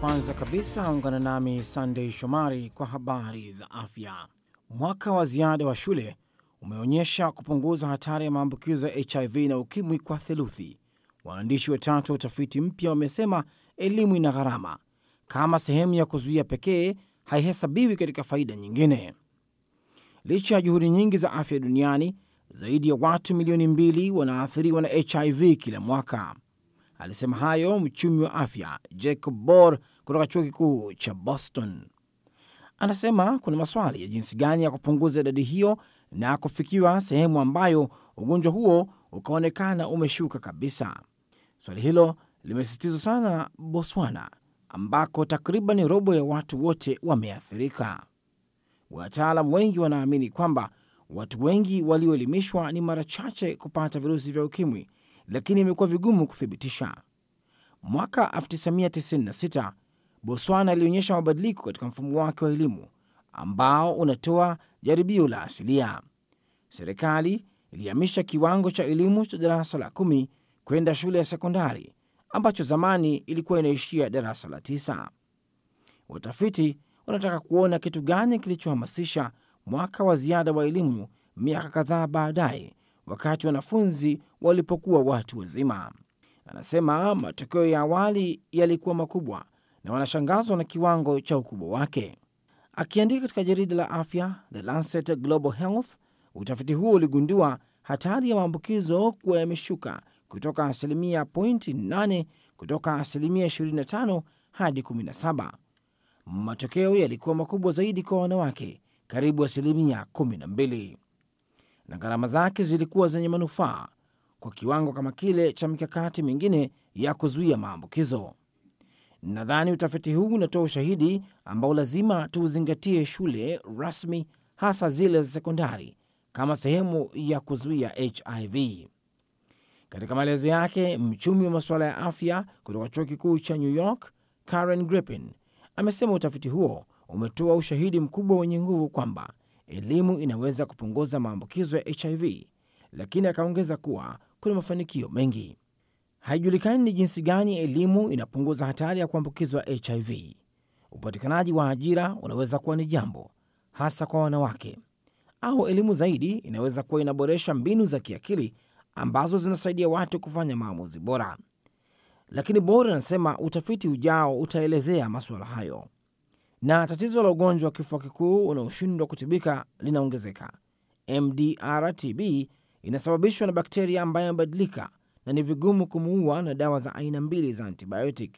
Kwanza kabisa ungana nami Sandei Shomari kwa habari za afya. Mwaka wa ziada wa shule umeonyesha kupunguza hatari ya maambukizo ya HIV na ukimwi kwa theluthi. Waandishi watatu wa utafiti mpya wamesema elimu ina gharama, kama sehemu ya kuzuia pekee haihesabiwi katika faida nyingine. Licha ya juhudi nyingi za afya duniani, zaidi ya watu milioni mbili wanaathiriwa na HIV kila mwaka. Alisema hayo mchumi wa afya Jacob Bor kutoka chuo kikuu cha Boston. Anasema kuna maswali ya jinsi gani ya kupunguza idadi hiyo na kufikiwa sehemu ambayo ugonjwa huo ukaonekana umeshuka kabisa. Swali hilo limesisitizwa sana Botswana, ambako takriban robo ya watu wote wameathirika. Wataalam wengi wanaamini kwamba watu wengi walioelimishwa ni mara chache kupata virusi vya ukimwi lakini imekuwa vigumu kuthibitisha. Mwaka 1996 Botswana ilionyesha mabadiliko katika mfumo wake wa elimu ambao unatoa jaribio la asilia. Serikali ilihamisha kiwango cha elimu cha darasa la kumi kwenda shule ya sekondari ambacho zamani ilikuwa inaishia darasa la tisa. Watafiti wanataka kuona kitu gani kilichohamasisha mwaka wa ziada wa elimu miaka kadhaa baadaye wakati wanafunzi walipokuwa watu wazima. Anasema matokeo ya awali yalikuwa makubwa na wanashangazwa na kiwango cha ukubwa wake. Akiandika katika jarida la afya The Lancet Global Health, utafiti huo uligundua hatari ya maambukizo kuwa yameshuka kutoka asilimia 0.8 kutoka asilimia 25 hadi 17. Matokeo yalikuwa makubwa zaidi kwa wanawake, karibu asilimia 12 na gharama zake zilikuwa zenye manufaa kwa kiwango kama kile cha mikakati mingine ya kuzuia maambukizo. Nadhani utafiti huu unatoa ushahidi ambao lazima tuuzingatie shule rasmi, hasa zile za sekondari, kama sehemu ya kuzuia HIV. Katika maelezo yake, mchumi wa masuala ya afya kutoka chuo kikuu cha New York Karen Griffin amesema utafiti huo umetoa ushahidi mkubwa wenye nguvu kwamba elimu inaweza kupunguza maambukizo ya HIV, lakini akaongeza kuwa kuna mafanikio mengi. Haijulikani ni jinsi gani elimu inapunguza hatari ya kuambukizwa HIV. Upatikanaji wa ajira unaweza kuwa ni jambo hasa kwa wanawake, au elimu zaidi inaweza kuwa inaboresha mbinu za kiakili ambazo zinasaidia watu kufanya maamuzi bora. Lakini Bor anasema utafiti ujao utaelezea masuala hayo na tatizo la ugonjwa wa kifua kikuu unaoshindwa kutibika linaongezeka. mdrtb inasababishwa na bakteria ambayo amebadilika na ni vigumu kumuua na dawa za aina mbili za antibiotic,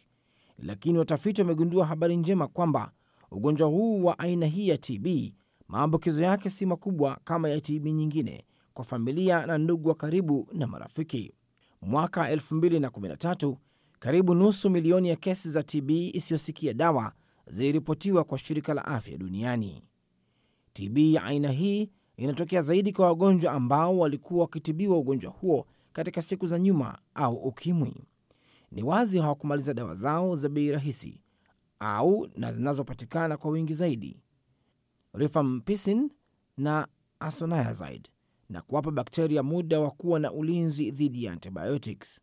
lakini watafiti wamegundua habari njema kwamba ugonjwa huu wa aina hii ya TB maambukizo yake si makubwa kama ya TB nyingine kwa familia na ndugu wa karibu na marafiki. Mwaka 2013 karibu nusu milioni ya kesi za TB isiyosikia dawa ziliripotiwa kwa shirika la afya duniani. TB ya aina hii inatokea zaidi kwa wagonjwa ambao walikuwa wakitibiwa ugonjwa huo katika siku za nyuma au ukimwi. Ni wazi hawakumaliza dawa zao za bei rahisi au na zinazopatikana kwa wingi zaidi, rifampicin na isoniazid, na kuwapa bakteria muda wa kuwa na ulinzi dhidi ya antibiotics.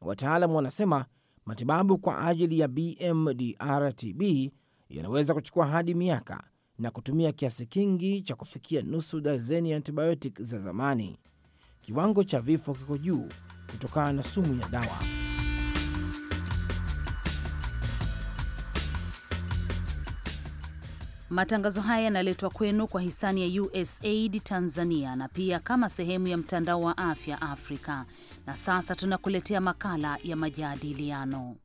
Wataalamu wanasema Matibabu kwa ajili ya bmdrtb yanaweza kuchukua hadi miaka na kutumia kiasi kingi cha kufikia nusu dazeni ya antibiotic za zamani. Kiwango cha vifo kiko juu kutokana na sumu ya dawa. Matangazo haya yanaletwa kwenu kwa hisani ya USAID Tanzania na pia kama sehemu ya mtandao wa afya Afrika na sasa tunakuletea makala ya majadiliano.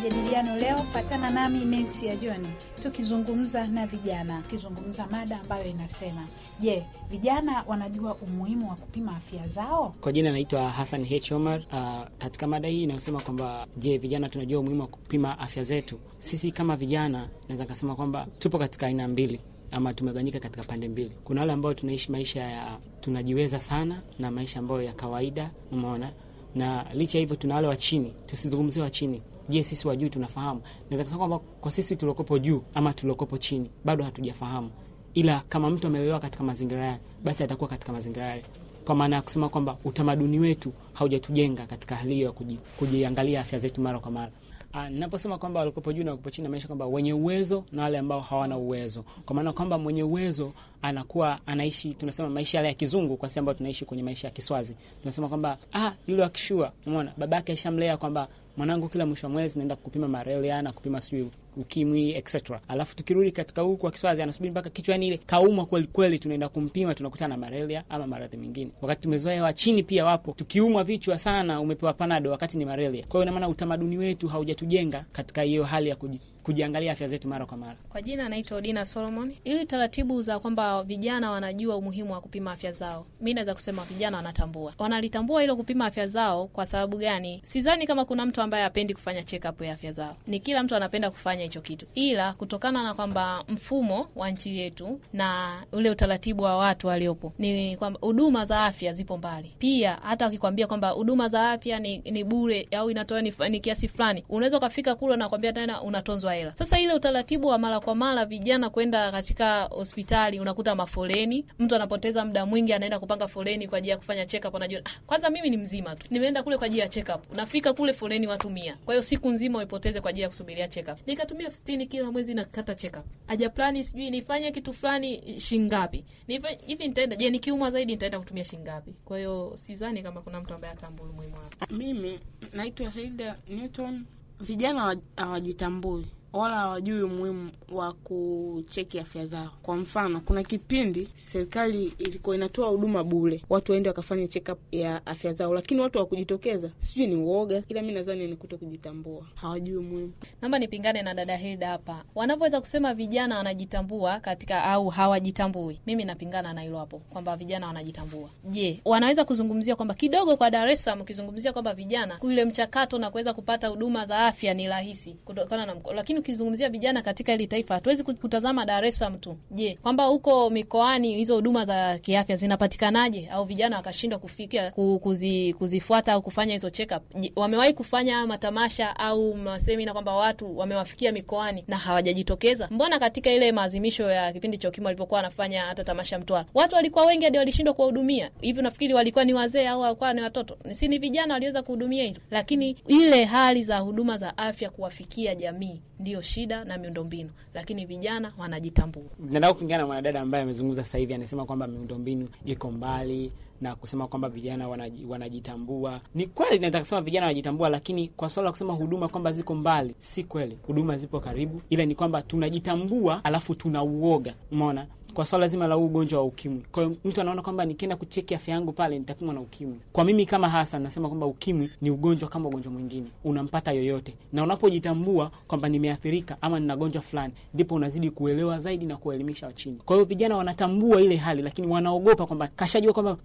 majadiliano leo. Fatana nami Mensi ya John tukizungumza na vijana, tukizungumza mada ambayo inasema je, vijana wanajua umuhimu wa kupima afya zao? Kwa jina anaitwa Hassan H Omar. Uh, katika mada hii inayosema kwamba je, vijana tunajua umuhimu wa kupima afya zetu, sisi kama vijana naweza nikasema kwamba tupo katika aina mbili ama tumeganyika katika pande mbili. Kuna wale ambao tunaishi maisha ya tunajiweza sana na maisha ambayo ya kawaida, umeona, na licha hivyo tuna wale wa chini, tusizungumzie wa chini Je, sisi wa juu tunafahamu? Naweza kusema kwamba kwa sisi tuliokopo juu ama tuliokopo chini bado hatujafahamu, ila kama mtu amelelewa katika mazingira yale, basi atakuwa katika mazingira yale, kwa maana ya kusema kwamba utamaduni wetu haujatujenga katika hali hiyo ya kujiangalia afya zetu mara kwa mara. Ah, naposema kwamba walikopo juu na walikopo chini, namaanisha kwamba wenye uwezo na wale ambao hawana uwezo, kwa maana kwamba mwenye uwezo anakuwa anaishi, tunasema maisha yale ya kizungu, kwa sababu tunaishi kwenye maisha ya kiswazi. Tunasema kwamba ah, yule akishua, unaona babake aishamlea kwamba mwanangu, kila mwisho wa mwezi naenda kupima malaria na kupima sijui ukimwi etc. Alafu tukirudi katika huku kwa Kiswazi, anasubiri mpaka kichwa yani ile kauma kweli kweli, tunaenda kumpima, tunakutana na malaria ama maradhi mengine. Wakati tumezoea wa chini pia wapo, tukiumwa vichwa sana umepewa panado wakati ni malaria. Kwa hiyo ina maana utamaduni wetu haujatujenga katika hiyo hali ya kuji kujiangalia afya zetu mara kwa mara. Kwa jina anaitwa Odina Solomon. Ili taratibu za kwamba vijana wanajua umuhimu wa kupima afya zao, mi naweza kusema vijana wanatambua, wanalitambua hilo kupima afya zao. Kwa sababu gani? Sidhani kama kuna mtu ambaye apendi kufanya check up ya afya zao, ni kila mtu anapenda kufanya hicho kitu, ila kutokana na kwamba mfumo wa nchi yetu na ule utaratibu wa watu waliopo ni kwamba huduma za afya zipo mbali. Pia hata wakikwambia kwamba huduma za afya ni, ni bure au inatoa ni, ni kiasi fulani, unaweza ukafika kule na kwambia tena unatonzwa kutoa hela. Sasa ile utaratibu wa mara kwa mara vijana kwenda katika hospitali, unakuta mafoleni, mtu anapoteza muda mwingi, anaenda kupanga foleni kwa ajili ya kufanya check up. Anajua ah, kwanza mimi ni mzima tu, nimeenda kule kwa ajili ya check up, nafika kule foleni watu mia, kwa hiyo siku nzima uipoteze kwa ajili ya kusubiria check up. Nikatumia elfu sitini kila mwezi nakata check up, aja plani, sijui nifanye kitu fulani shingapi, nifanye hivi, nitaenda je, nikiumwa zaidi nitaenda kutumia shingapi? Kwa hiyo sidhani kama kuna mtu ambaye atambui umuhimu wake. Mimi naitwa Hilda Newton. Vijana hawajitambui wala hawajui umuhimu wa kucheki afya zao. Kwa mfano, kuna kipindi serikali ilikuwa inatoa huduma bure, watu waende wakafanya check-up ya afya zao, lakini watu hawakujitokeza. Sijui ni uoga, ila mi nadhani ni kuto kujitambua, hawajui umuhimu. Naomba nipingane na dada Hilda hapa, wanavyoweza kusema vijana wanajitambua katika au hawajitambui, mimi napingana na hilo hapo kwamba vijana wanajitambua. Je, wanaweza kuzungumzia kwamba kidogo kwa Dar es Salaam, ukizungumzia kwamba vijana, kule mchakato na kuweza kupata huduma za afya ni rahisi kutokana na mko, lakini ukizungumzia vijana katika hili taifa, hatuwezi kutazama Dar es Salaam tu. Je, kwamba huko mikoani hizo huduma za kiafya zinapatikanaje au vijana wakashindwa kufikia kuzi, kuzifuata au kufanya hizo check up? Wamewahi kufanya matamasha au masemina kwamba watu wamewafikia mikoani na hawajajitokeza? Mbona katika ile maazimisho ya kipindi cha ukimwi walipokuwa wanafanya hata tamasha Mtwara, watu walikuwa wengi hadi walishindwa kuwahudumia. Hivi nafikiri walikuwa ni wazee au walikuwa ni watoto? Si ni vijana waliweza kuhudumia hilo, lakini ile hali za huduma za afya kuwafikia jamii ndio ndio shida na miundombinu, lakini vijana wanajitambua. Nataka kulingana na mwanadada ambaye amezungumza sasa hivi, anasema kwamba miundombinu iko mbali na kusema kwamba vijana wanajitambua. Ni kweli, naweza kusema vijana wanajitambua, lakini kwa swala la kusema huduma kwamba ziko mbali, si kweli. Huduma zipo karibu, ila ni kwamba tunajitambua alafu tuna uoga umeona kwa swala zima la ugonjwa wa ukimwi. Kwa hiyo mtu anaona kwamba nikienda kucheki afya yangu pale nitapimwa na ukimwi. Kwa mimi kama Hasan nasema kwamba ukimwi ni ugonjwa kama ugonjwa mwingine, unampata yoyote, na unapojitambua kwamba nimeathirika ama nina gonjwa fulani, ndipo unazidi kuelewa zaidi na kuwaelimisha wachini. Kwa hiyo vijana wanatambua ile hali, lakini wanaogopa kwamba kashajua kwamba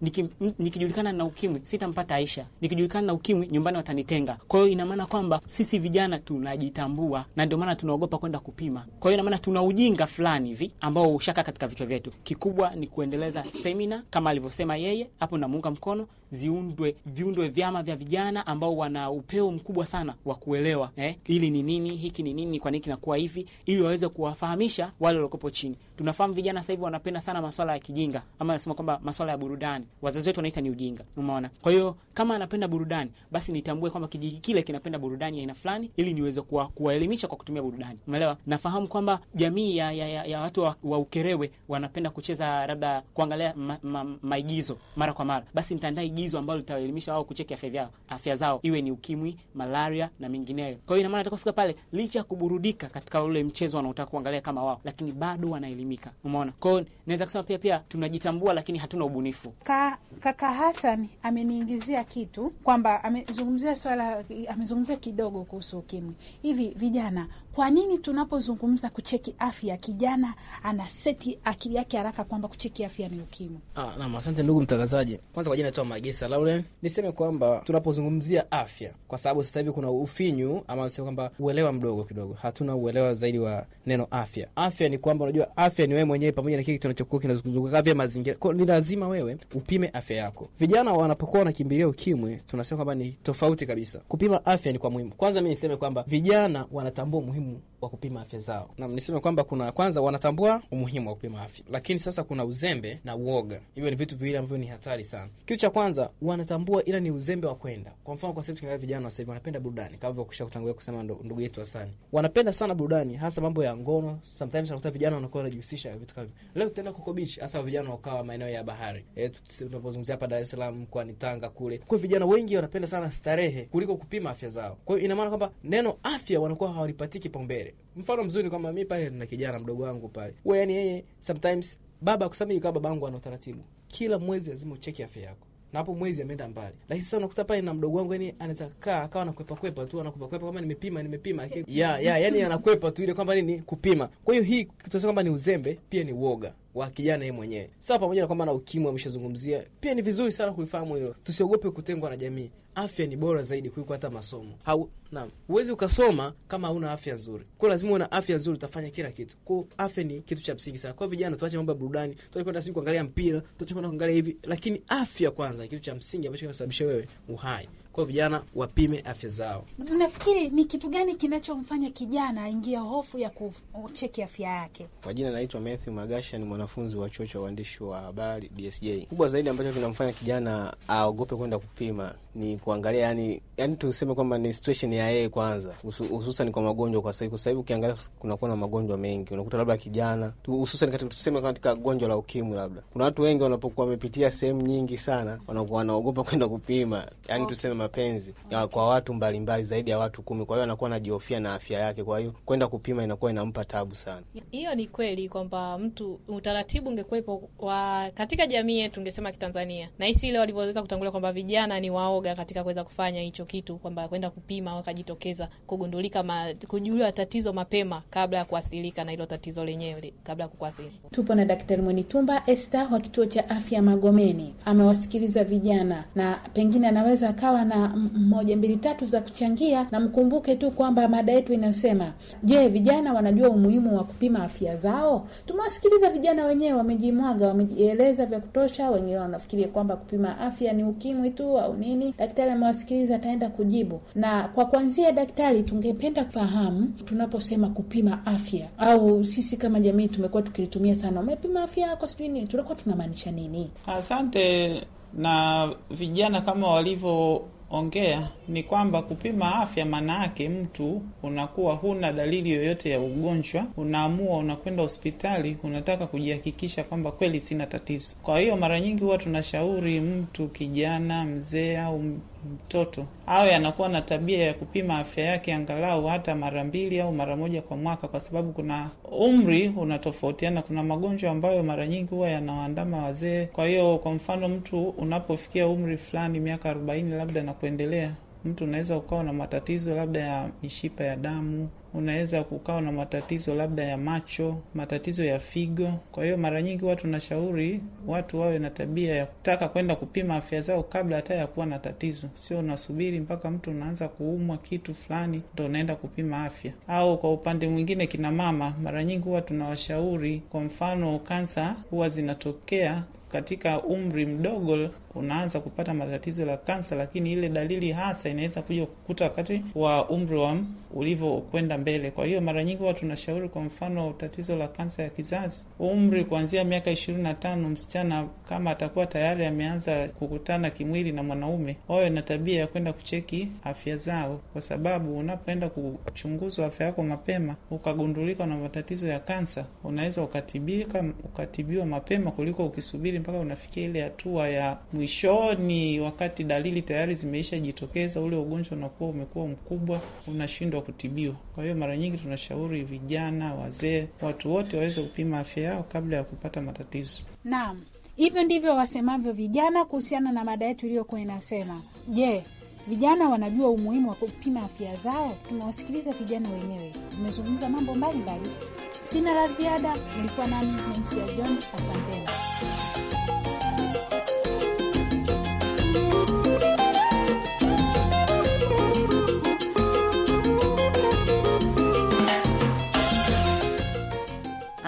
nikijulikana niki, na ukimwi sitampata Aisha, nikijulikana na ukimwi nyumbani watanitenga. Kwa hiyo ina maana kwamba sisi vijana tunajitambua, na ndio maana tunaogopa kwenda kupima. Kwa hiyo ina maana tuna ujinga fulani hivi ambao ushaka katika vichwa vyetu. Kikubwa ni kuendeleza semina kama alivyosema yeye hapo, namuunga mkono ziundwe viundwe vyama vya vijana ambao wana upeo mkubwa sana wa kuelewa eh, ili ni nini, hiki ni nini, kwa nini kinakuwa hivi, ili waweze kuwafahamisha wale waliokopo chini. Tunafahamu vijana sasa hivi wanapenda sana masuala ya kijinga, ama nasema kwamba masuala ya burudani, wazazi wetu wanaita ni ujinga, umeona. Kwa hiyo kama anapenda burudani, basi nitambue kwamba kijiji kile kinapenda burudani aina fulani, ili niweze kuwa kuwaelimisha kwa kutumia burudani, umeelewa. Nafahamu kwamba jamii ya, ya, ya, ya watu wa, wa Ukerewe wanapenda kucheza labda kuangalia maigizo ma, ma, ma mara kwa mara, basi nitaandaa ambukizo ambalo litaelimisha wao kucheki afya vyao afya zao, iwe ni ukimwi, malaria na mengineyo Kwa hiyo ina maana atakapofika pale, licha ya kuburudika katika ule mchezo wanaotaka kuangalia kama wao, lakini bado wanaelimika. Umeona? kwao naweza kusema pia pia tunajitambua, lakini hatuna ubunifu. Ka, kaka hasan ameniingizia kitu kwamba amezungumzia swala, amezungumzia kidogo kuhusu ukimwi. Hivi vijana, kwa nini tunapozungumza kucheki afya, kijana ana seti akili yake haraka kwamba kucheki afya ni ukimwi? Ah, asante ndugu mtangazaji. Kwanza kwa jina Tegesa Lauren, niseme kwamba tunapozungumzia afya, kwa sababu sasa hivi kuna ufinyu ama niseme kwamba uelewa mdogo kidogo, hatuna uelewa zaidi wa neno afya. Afya ni kwamba unajua, afya ni wewe mwenyewe pamoja na kile kinachokuwa kinazunguka vya mazingira, kwa ni lazima wewe upime afya yako. Vijana wanapokuwa wanakimbilia ukimwi, tunasema kwamba ni tofauti kabisa. Kupima afya ni kwa muhimu. Kwanza mi niseme kwamba vijana wanatambua umuhimu wa kupima afya zao. Na niseme kwamba kuna kwanza, wanatambua umuhimu wa kupima afya, lakini sasa kuna uzembe na uoga. Hivyo ni vitu viwili ambavyo ni hatari sana. Kitu cha kwanza wanatambua, ila ni uzembe wa kwenda. Kwa mfano, kwa sababu tukiangalia vijana wa sasa hivi wanapenda burudani, kama vile kushakutangulia kusema ndugu yetu Hasani, wanapenda sana burudani, hasa mambo ya ngono. Sometimes unakuta vijana wanakuwa wanajihusisha na vitu kama hivyo. Leo tutaenda Coco Beach, hasa vijana wakawa maeneo ya bahari, eh, tunapozungumzia hapa Dar es Salaam, kwani Tanga kule. Kwa vijana wengi wanapenda sana starehe kuliko kupima afya zao. Kwa hiyo ina maana kwamba neno afya wanakuwa hawalipatiki kipaumbele mfano mzuri kwamba mi pale na kijana mdogo wangu pale, we yani yeye sometimes baba akusamii kama baba yangu ana utaratibu, kila mwezi lazima ucheki afya yako na hapo mwezi ameenda mbali, lakini sasa unakuta pale na mdogo wangu, yani anaweza kaa akawa anakwepa kwepa tu, anakwepa kwepa kama nimepima nimepima ya ya, yani anakwepa tu ile kwamba nini kupima. Kwa hiyo hii tunasema kwamba ni uzembe, pia ni uoga wa kijana yeye mwenyewe. Sawa, pamoja na kwamba na ukimwi ameshazungumzia, pia ni vizuri sana kulifahamu hilo. Tusiogope kutengwa na jamii. Afya ni bora zaidi kuliko hata masomo. Hau, naam. Huwezi ukasoma kama hauna afya nzuri. Kwa lazima uwe na afya nzuri utafanya kila kitu. Kwa afya ni kitu cha msingi sana. Kwa vijana tuache mambo ya burudani, tuache kwenda siku kuangalia mpira, tuache kwenda kuangalia hivi, lakini afya kwanza kitu cha msingi ambacho kinasababisha wewe uhai kwa vijana wapime afya zao. Nafikiri ni kitu gani kinachomfanya kijana aingie hofu ya kucheki afya yake? Kwa jina naitwa Matthew Magasha, ni mwanafunzi wa chuo cha uandishi wa habari DSJ. Kubwa zaidi ambacho kinamfanya kijana aogope kwenda kupima ni kuangalia yani, yani tuseme kwamba ni situation ya yeye kwanza, hususan kwa magonjwa. Kwa sahivi, kwa sahivi ukiangalia kunakuwa na magonjwa mengi, unakuta labda kijana, hususan katika tuseme katika gonjwa la ukimwi, labda kuna watu wengi wanapokuwa wamepitia sehemu nyingi sana, wanakuwa wanaogopa kwenda kupima, yani oh. tuseme mapenzi ya, kwa watu mbalimbali mbali, zaidi ya watu kumi. Kwa hiyo anakuwa anajihofia na afya yake, kwa hiyo kwenda kupima inakuwa inampa tabu sana. Hiyo ni kweli kwamba mtu utaratibu ungekuwepo wa katika jamii yetu, ungesema kitanzania na hisi ile walivyoweza kutangulia kwamba vijana ni wao woga katika kuweza kufanya hicho kitu, kwamba kwenda kupima kujitokeza kugundulika ma, tatizo mapema kabla ya kuathirika na hilo tatizo lenyewe kabla ya kukuathiri. Tupo na Daktari Mwenitumba Esther wa kituo cha afya Magomeni, amewasikiliza vijana na pengine anaweza akawa na moja mbili tatu za kuchangia, na mkumbuke tu kwamba mada yetu inasema, je, vijana wanajua umuhimu wa kupima afya zao? Tumewasikiliza vijana wenyewe, wamejimwaga, wamejieleza vya kutosha. Wengine wanafikiria kwamba kupima afya ni ukimwi tu au nini, daktari amewasikiliza, ataenda kujibu. Na kwa kwanzia, daktari, tungependa kufahamu tunaposema kupima afya, au sisi kama jamii tumekuwa tukilitumia sana, umepima afya yako sijui nini, tunakuwa tunamaanisha nini? Asante. Na vijana kama walivyo ongea ni kwamba kupima afya, maana yake mtu unakuwa huna dalili yoyote ya ugonjwa, unaamua unakwenda hospitali, unataka kujihakikisha kwamba kweli sina tatizo. Kwa hiyo mara nyingi huwa tunashauri mtu kijana, mzee au mtoto awe anakuwa na tabia ya kupima afya yake angalau hata mara mbili au mara moja kwa mwaka, kwa sababu kuna umri unatofautiana. Kuna magonjwa ambayo mara nyingi huwa yanawaandama wazee. Kwa hiyo, kwa mfano, mtu unapofikia umri fulani, miaka arobaini labda na kuendelea, mtu unaweza ukawa na matatizo labda ya mishipa ya damu unaweza kukawa na matatizo labda ya macho, matatizo ya figo. Kwa hiyo mara nyingi watu nashauri watu wawe na tabia ya kutaka kwenda kupima afya zao kabla hata ya kuwa na tatizo, sio unasubiri mpaka mtu unaanza kuumwa kitu fulani ndo unaenda kupima afya. Au kwa upande mwingine, kina mama mara nyingi huwa tunawashauri, kwa mfano kansa huwa zinatokea katika umri mdogo unaanza kupata matatizo la kansa, lakini ile dalili hasa inaweza kuja kukuta wakati wa umri wa ulivyokwenda mbele. Kwa hiyo mara nyingi huwa tunashauri, kwa mfano tatizo la kansa ya kizazi, umri kuanzia miaka ishirini na tano, msichana kama atakuwa tayari ameanza kukutana kimwili na mwanaume, wawe na tabia ya kwenda kucheki afya zao, kwa sababu unapoenda kuchunguzwa afya yako mapema ukagundulika na matatizo ya kansa, unaweza ukatibika ukatibiwa mapema kuliko ukisubiri mpaka unafikia ile hatua ya mwishoni, wakati dalili tayari zimeisha jitokeza, ule ugonjwa unakuwa umekuwa mkubwa, unashindwa kutibiwa. Kwa hiyo mara nyingi tunashauri vijana, wazee, watu wote waweze kupima afya yao kabla ya kupata matatizo. Naam, hivyo ndivyo wasemavyo vijana kuhusiana na mada yetu iliyokuwa inasema je, vijana wanajua umuhimu wa kupima afya zao? Tunawasikiliza vijana wenyewe, tumezungumza mambo mbalimbali. Sina la ziada, ulikuwa nami Mensia John, asanteni.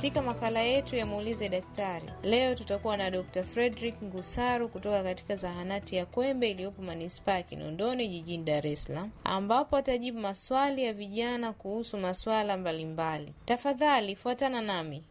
Katika makala yetu ya muulize daktari leo tutakuwa na Dr. fredrik Ngusaru kutoka katika zahanati ya Kwembe iliyopo manispaa ya Kinondoni jijini Dar es Salaam, ambapo atajibu maswali ya vijana kuhusu maswala mbalimbali. Tafadhali fuatana nami.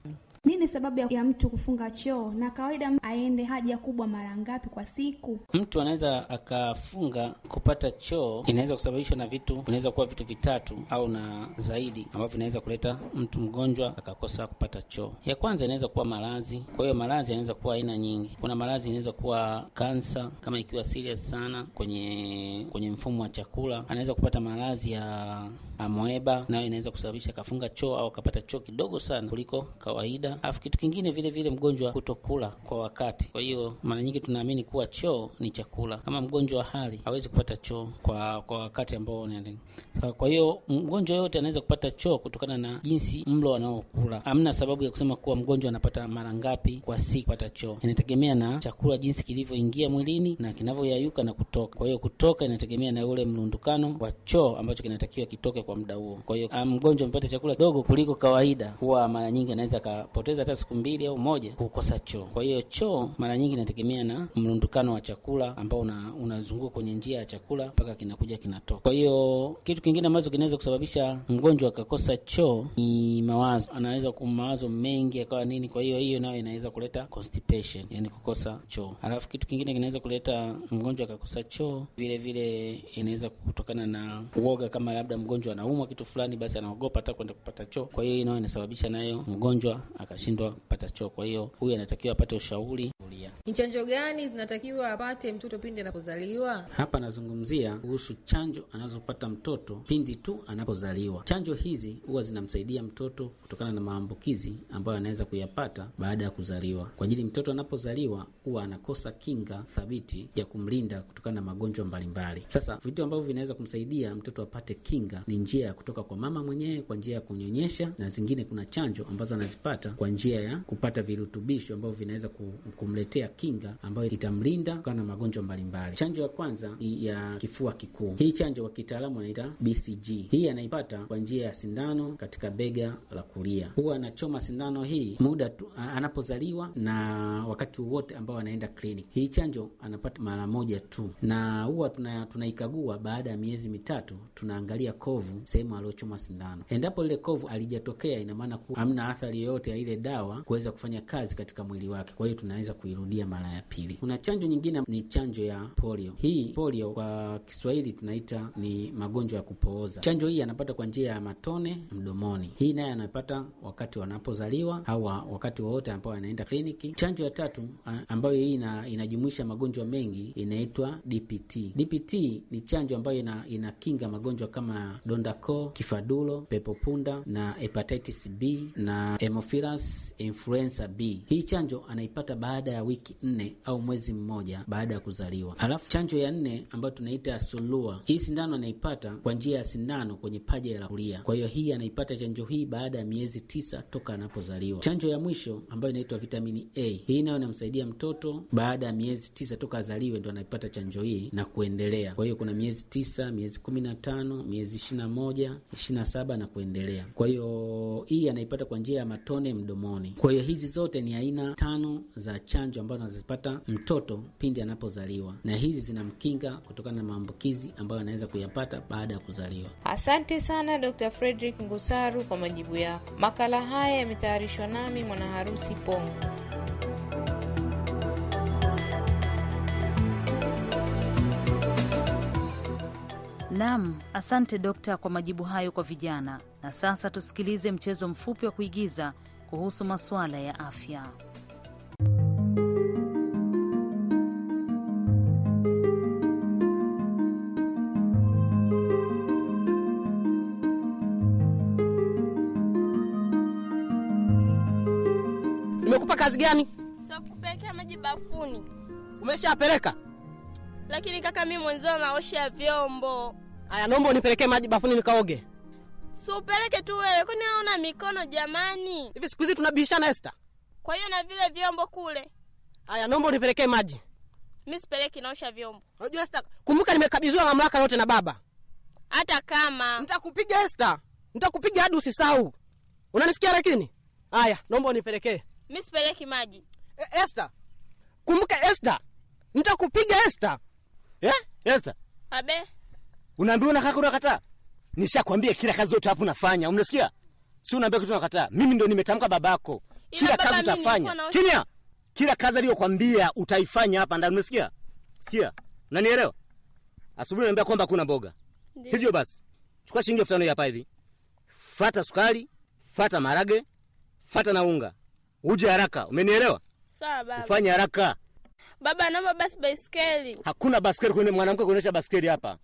Nini sababu ya mtu kufunga choo, na kawaida aende haja kubwa mara ngapi kwa siku? Mtu anaweza akafunga kupata choo, inaweza kusababishwa na vitu, inaweza kuwa vitu vitatu au na zaidi ambavyo inaweza kuleta mtu mgonjwa akakosa kupata choo. Ya kwanza inaweza kuwa maradhi. Kwa hiyo maradhi yanaweza kuwa aina nyingi. Kuna maradhi inaweza kuwa kansa, kama ikiwa serious sana kwenye kwenye mfumo wa chakula, anaweza kupata maradhi ya amoeba, nayo inaweza kusababisha akafunga choo au akapata choo kidogo sana kuliko kawaida kawaida, Alafu kitu kingine vile vile mgonjwa kutokula kwa wakati. Kwa hiyo mara nyingi tunaamini kuwa choo ni chakula. Kama mgonjwa hali hawezi kupata choo kwa kwa wakati ambao unaendelea. Kwa hiyo mgonjwa yote anaweza kupata choo kutokana na jinsi mlo anaokula. Hamna sababu ya kusema kuwa mgonjwa anapata mara ngapi kwa siku kupata choo, inategemea na chakula jinsi kilivyoingia mwilini na kinavyoyayuka na kutoka. Kwa hiyo kutoka inategemea na ule mlundukano wa choo ambacho kinatakiwa kitoke kwa muda huo. Kwa hiyo ah, mgonjwa amepata chakula kidogo kuliko kawaida, huwa mara nyingi anaweza ka kupoteza hata siku mbili au moja kukosa choo. Kwa hiyo choo mara nyingi inategemea na mrundukano wa chakula ambao unazunguka una kwenye njia ya chakula mpaka kinakuja kinatoka. Kwa hiyo kitu kingine ambacho kinaweza kusababisha mgonjwa akakosa choo ni mawazo, anaweza kuwa mawazo mengi akawa nini. Kwa hiyo hiyo nayo inaweza kuleta constipation, yani kukosa choo. Alafu kitu kingine kinaweza kuleta mgonjwa akakosa choo vile vile inaweza kutokana na uoga, kama labda mgonjwa anaumwa kitu fulani, basi anaogopa hata kwenda kupata choo. Kwa hiyo hiyo nayo inasababisha nayo mgonjwa akashindwa kupata choo. Kwa hiyo huyu anatakiwa apate ushauri. Ni chanjo gani zinatakiwa apate mtoto pindi anapozaliwa? Hapa anazungumzia kuhusu chanjo anazopata mtoto pindi tu anapozaliwa. Chanjo hizi huwa zinamsaidia mtoto kutokana na maambukizi ambayo anaweza kuyapata baada ya kuzaliwa, kwa ajili mtoto anapozaliwa huwa anakosa kinga thabiti ya kumlinda kutokana na magonjwa mbalimbali. Sasa vitu ambavyo vinaweza kumsaidia mtoto apate kinga ni njia ya kutoka kwa mama mwenyewe kwa njia ya kunyonyesha, na zingine kuna chanjo ambazo anazipata kwa njia ya kupata virutubisho ambavyo vinaweza kumletea kinga ambayo itamlinda kutokana na magonjwa mbalimbali. Chanjo ya kwanza ya kifua kikuu, hii chanjo kwa kitaalamu wanaita BCG. Hii anaipata kwa njia ya sindano katika bega la kulia. Huwa anachoma sindano hii muda tu anapozaliwa na wakati wote ambao anaenda klinik. Hii chanjo anapata mara moja tu, na huwa tunaikagua tuna baada ya miezi mitatu, tunaangalia kovu sehemu aliochoma sindano. Endapo lile kovu alijatokea, ina maana hamna athari yoyote ile dawa kuweza kufanya kazi katika mwili wake, kwa hiyo tunaweza kuirudia mara ya pili. Kuna chanjo nyingine ni chanjo ya polio. Hii polio kwa Kiswahili tunaita ni magonjwa ya kupooza. Chanjo hii anapata kwa njia ya matone mdomoni. Hii naye anapata wakati wanapozaliwa au wakati wowote ambao anaenda kliniki. Chanjo ya tatu ambayo hii ina, inajumuisha magonjwa mengi inaitwa DPT. DPT ni chanjo ambayo ina, inakinga magonjwa kama donda koo, kifadulo, pepo punda na hepatitis B na hemophilus Virus Influenza B. Hii chanjo anaipata baada ya wiki nne au mwezi mmoja baada ya kuzaliwa. Alafu chanjo ya nne ambayo tunaita Sulua, hii sindano anaipata kwa njia ya sindano kwenye paja la kulia. Kwa hiyo hii anaipata chanjo hii baada ya miezi tisa toka anapozaliwa. Chanjo ya mwisho ambayo inaitwa vitamini A, hii nayo inamsaidia mtoto baada ya miezi tisa toka azaliwe, ndo anaipata chanjo hii na kuendelea. Kwa hiyo kuna miezi tisa, miezi kumi na tano, miezi ishirini na moja, ishirini na saba na kuendelea. Kwa hiyo hii anaipata kwa njia ya matone mdomoni. Kwa hiyo hizi zote ni aina tano za chanjo ambazo anazipata mtoto pindi anapozaliwa, na hizi zinamkinga kutokana na maambukizi ambayo anaweza kuyapata baada ya kuzaliwa. Asante sana Dr. Frederick Ngusaru kwa majibu yako. Makala haya yametayarishwa nami mwanaharusi Pongo. nam asante dokta kwa majibu hayo kwa vijana. Na sasa tusikilize mchezo mfupi wa kuigiza kuhusu masuala ya afya. Nimekupa kazi gani? Sio maji bafuni. Umeshapeleka? Lakini kaka, mimi mwenzio naosha vyombo. Aya, naomba unipelekee maji bafuni nikaoge. Supeleke tu wewe, kwani hauna mikono jamani? Hivi siku hizi tunabishana Esther. Kwa hiyo na vile vyombo kule. Haya, naomba unipelekee maji. Mimi sipeleki, naosha vyombo. Unajua Esther, kumbuka nimekabidhiwa mamlaka yote na baba. Hata kama nitakupiga Esther, nitakupiga hadi usisahau. Unanisikia lakini? Haya, naomba unipelekee. Mimi sipeleki maji. E, Esther. kumbuka Esther. nitakupiga Esther. Eh? Esther. Abe. Unaambiwa na kaka unakataa? Nishakwambia kila kazi zote hapo unafanya unasikia? Si unaambia kitu nakataa. Mimi ndo nimetamka babako, kila kazi utafanya. Kimya, kila kazi aliyokwambia utaifanya hapa ndani, umesikia Sikia, nanielewa Asubuhi naambia kwamba hakuna mboga, hivyo basi chukua shilingi elfu tano hapa hivi, fata sukari, fata marage, fata na unga, uje haraka. Umenielewa? ufanye haraka. Baba naomba basi baiskeli. Hakuna baskeli kwene mwanamke kuonyesha baskeli hapa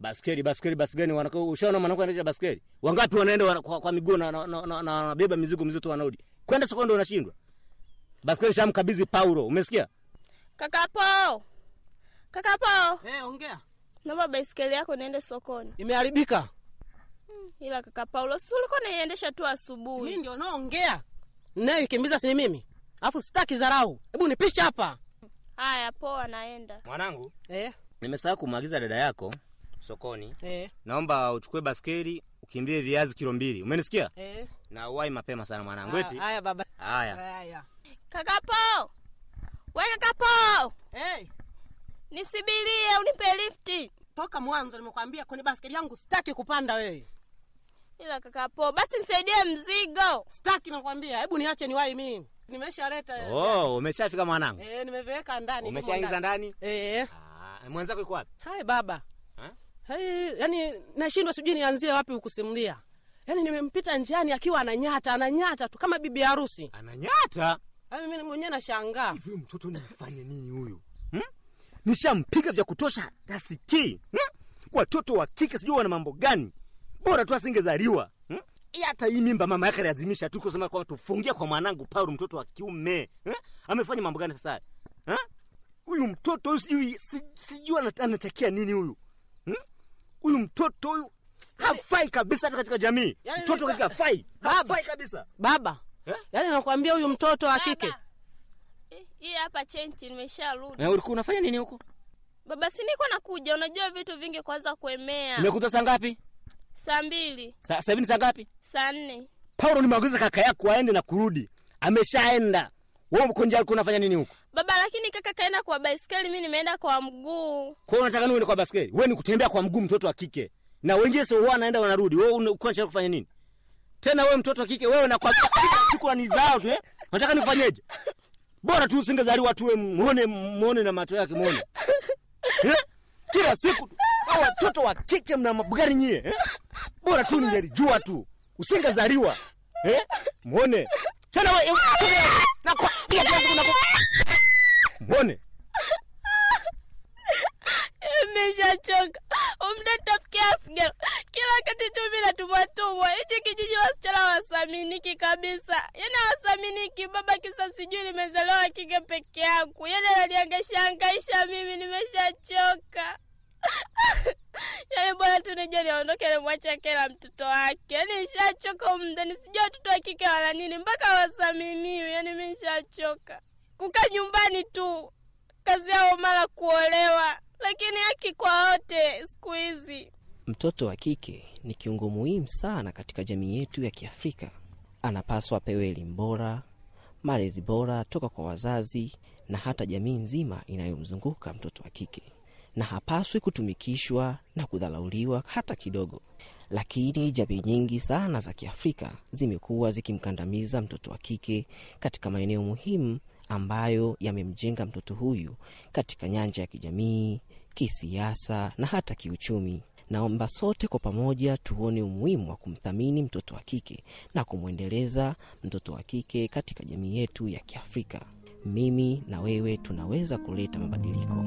baskeli baskeli baskeli, wanako ushaona mwanako anaendesha baskeli, wangapi wanaenda wana, kwa, kwa miguu na wanabeba na, na, mizigo mizito, wanarudi kwenda sokoni ndo unashindwa Baskeli sham kabizi Paulo, umesikia kakapo? Kakapo eh, hey, ongea. Naomba baskeli yako niende sokoni, imeharibika. Hmm, ila kaka Paulo, si ulikuwa naiendesha tu asubuhi? Mimi ndio naongea nayo, ikimbiza si mimi, alafu sitaki dharau. Hebu nipisha hapa. Haya, poa, naenda mwanangu. Eh, nimesahau kumwagiza dada yako sokoni eh, naomba uchukue baskeli ukimbie viazi kilo mbili, umenisikia eh? Na uwai mapema sana mwanangu, ah, eti haya baba. Haya kakapo we, kakapo hey. nisibilie unipe lifti toka mwanzo, nimekwambia kwenye baskeli yangu sitaki kupanda wewe. Ila kakapo, basi nisaidie mzigo. Sitaki nakwambia, hebu niache niwahi mimi. Nimeshaleta. Oh, umeshafika mwanangu? e, eh, nimeweka ndani. Umeshaingiza ndani? e. Ah, mwenzako yuko wapi? Hai baba hey, eh, yani nashindwa sijui nianzie wapi ukusimulia yani nimempita njiani akiwa ananyata ananyata tu kama bibi harusi ananyata yani mimi mwenyewe nashangaa hivi mtoto nifanye nini huyu hmm? nishampiga vya kutosha tasikii hmm? watoto wa kike sijui wana mambo gani bora tu asingezaliwa hmm? hata hii mimba mama yake aliazimisha tu kusema kwamba tufungia kwa mwanangu Paulo mtoto wa kiume hmm? amefanya mambo gani sasa hmm? huyu hmm? mtoto sijui sijui anatakia nini huyu huyu mtoto huyu yaani- hafai kabisa hata katika jamii yani, mtoto katika hafai hafai kabisa baba eh? yani nakwambia huyu mtoto wa kike hii hapa chenchi nimesharudi. eh, ulikuwa unafanya nini huko? Baba, si niko nakuja, unajua vitu vingi kwanza kuemea. Nimekuta saa ngapi? Saa mbili. Sa, sasa hivi ni saa ngapi? Saa nne. Paulo, nimeagiza kaka yako aende na kurudi, ameshaenda wewe mkonja yako unafanya nini huko? Baba lakini kaka kaenda kwa baiskeli, mimi nimeenda kwa mguu. Kwa hiyo unataka niende kwa baiskeli? Wewe ni kutembea kwa mguu mtoto wa kike. Na wengine sio wao wanaenda wanarudi. Wewe uko unakwenda kufanya nini? Tena wewe mtoto wa kike wewe na kwa siku anizao tu eh? Unataka nifanyeje? Bora tu usingezaliwa tu muone muone na macho yake muone. Eh? Kila siku hao watoto wa kike mna mabugari nyie eh? Bora tu ningelijua tu. Usingezaliwa. Eh? Muone tena wewe na kwa muone imeshachoka umdatafikia asgel kila kati chumi natumwatumwa hichi kijiji wasichana wasaminiki kabisa yani wasaminiki baba kisa sijui nimezaliwa kike peke yangu yani ananiangaisha angaisha mimi nimeshachoka Yale yaani bwana tu neje liondoke, alimwacha kela mtoto wake. Yaani nishachoka mda nisijua watoto wa kike wala nini, mpaka wasamimiwe. Yaani mimi nishachoka kukaa nyumbani tu, kazi yao mara kuolewa, lakini haki kwa wote siku hizi. Mtoto wa kike ni kiungo muhimu sana katika jamii yetu ya Kiafrika. Anapaswa apewe elimu bora, malezi bora toka kwa wazazi na hata jamii nzima inayomzunguka mtoto wa kike na hapaswi kutumikishwa na kudhalauliwa hata kidogo. Lakini jamii nyingi sana za Kiafrika zimekuwa zikimkandamiza mtoto wa kike katika maeneo muhimu ambayo yamemjenga mtoto huyu katika nyanja ya kijamii, kisiasa na hata kiuchumi. Naomba sote kwa pamoja tuone umuhimu wa kumthamini mtoto wa kike na kumwendeleza mtoto wa kike katika jamii yetu ya Kiafrika. Mimi na wewe tunaweza kuleta mabadiliko.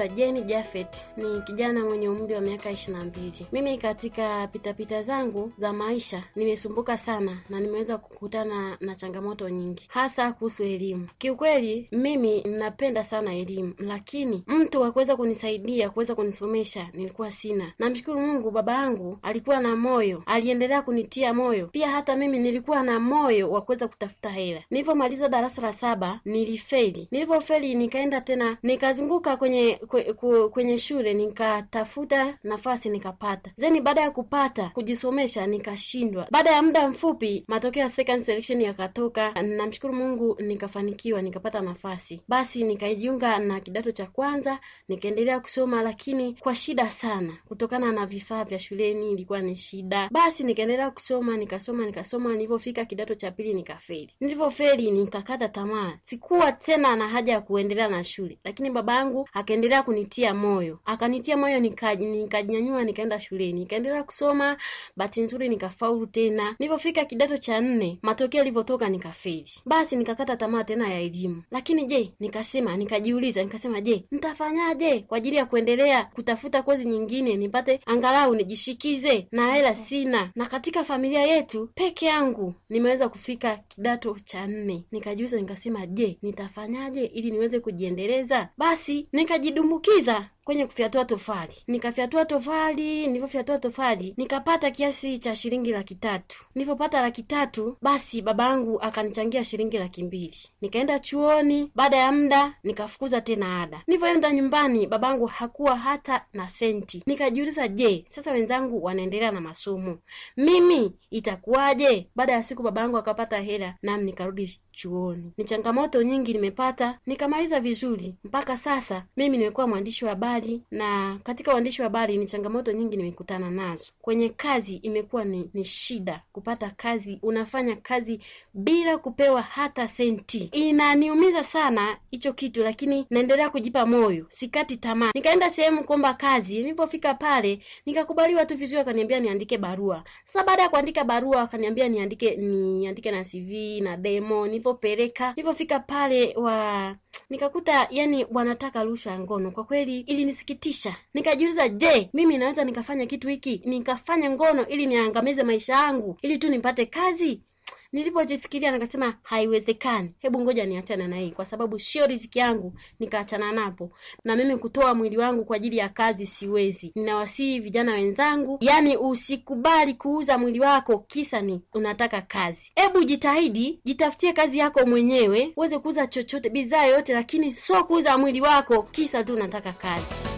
anaitwa Jeni Jafet, ni kijana mwenye umri wa miaka ishirini na mbili. Mimi katika pitapita zangu za maisha nimesumbuka sana na nimeweza kukutana na changamoto nyingi, hasa kuhusu elimu. Kiukweli mimi ninapenda sana elimu, lakini mtu wa kuweza kunisaidia kuweza kunisomesha nilikuwa sina. Namshukuru Mungu, baba yangu alikuwa na moyo, aliendelea kunitia moyo. Pia hata mimi nilikuwa na moyo wa kuweza kutafuta hela. Nilivyomaliza darasa la saba nilifeli. Nilivyofeli nikaenda tena nikazunguka kwenye kwenye shule nikatafuta nafasi nikapata. Zeni baada ya kupata kujisomesha nikashindwa. Baada ya muda mfupi matokeo ya second selection yakatoka, namshukuru Mungu nikafanikiwa nikapata nafasi. Basi nikajiunga na kidato cha kwanza nikaendelea kusoma, lakini kwa shida sana, kutokana na vifaa vya shuleni ilikuwa ni shida. Basi nikaendelea kusoma nikasoma nikasoma, nilivyofika kidato cha pili nikafeli. Nilivyofeli nikakata tamaa, sikuwa tena na haja ya kuendelea na shule, lakini baba yangu akaendelea akaendelea kunitia moyo, akanitia moyo, nikajinyanyua, nikaenda shuleni, nikaendelea kusoma. Bahati nzuri nikafaulu tena. nilivyofika kidato cha nne, matokeo yalivyotoka nikafeli, basi nikakata tamaa tena ya elimu. Lakini je, nikasema, nikajiuliza, nikasema, je, nitafanyaje kwa ajili ya kuendelea kutafuta kozi nyingine nipate angalau nijishikize, na hela sina, na katika familia yetu peke yangu nimeweza kufika kidato cha nne. Nikajiuliza, nikasema, je, nitafanyaje ili niweze kujiendeleza? Basi nikajidum como quiser. kwenye kufyatua tofali. Nikafyatua tofali, nilivyofyatua tofali nikapata kiasi cha shilingi laki tatu. Nilivyopata laki tatu, basi baba yangu akanichangia shilingi laki mbili. Nikaenda chuoni, baada ya muda nikafukuza tena ada. Nilivyoenda nyumbani, babangu hakuwa hata na senti. Nikajiuliza, je, sasa wenzangu wanaendelea na masomo, mimi itakuwaje? Baada ya siku babangu akapata hela, nami nikarudi chuoni. Ni changamoto nyingi nimepata, nikamaliza vizuri. Mpaka sasa mimi nimekuwa mwandishi wa habari habari, na katika uandishi wa habari ni changamoto nyingi nimekutana nazo. Kwenye kazi imekuwa ni, ni shida kupata kazi, unafanya kazi bila kupewa hata senti. Inaniumiza sana hicho kitu, lakini naendelea kujipa moyo, sikati tamaa. Nikaenda sehemu kuomba kazi, nilipofika pale nikakubaliwa tu vizuri, akaniambia niandike barua. Sasa baada ya kuandika barua akaniambia niandike niandike na CV na demo. Nilipopeleka nilipofika pale wa nikakuta yani wanataka rusha ngono. Kwa kweli ili ilinisikitisha. Nikajiuliza, je, mimi naweza nikafanya kitu hiki, nikafanya ngono ili niangamize maisha yangu ili tu nipate kazi? Nilivyojifikiria nikasema haiwezekani, hebu ngoja niachane na hii, kwa sababu sio riziki yangu nikaachana napo, na mimi kutoa mwili wangu kwa ajili ya kazi siwezi. Ninawasihi vijana wenzangu, yani usikubali kuuza mwili wako kisa ni unataka kazi. Hebu jitahidi, jitafutie kazi yako mwenyewe uweze kuuza chochote, bidhaa yoyote, lakini sio kuuza mwili wako kisa tu unataka kazi.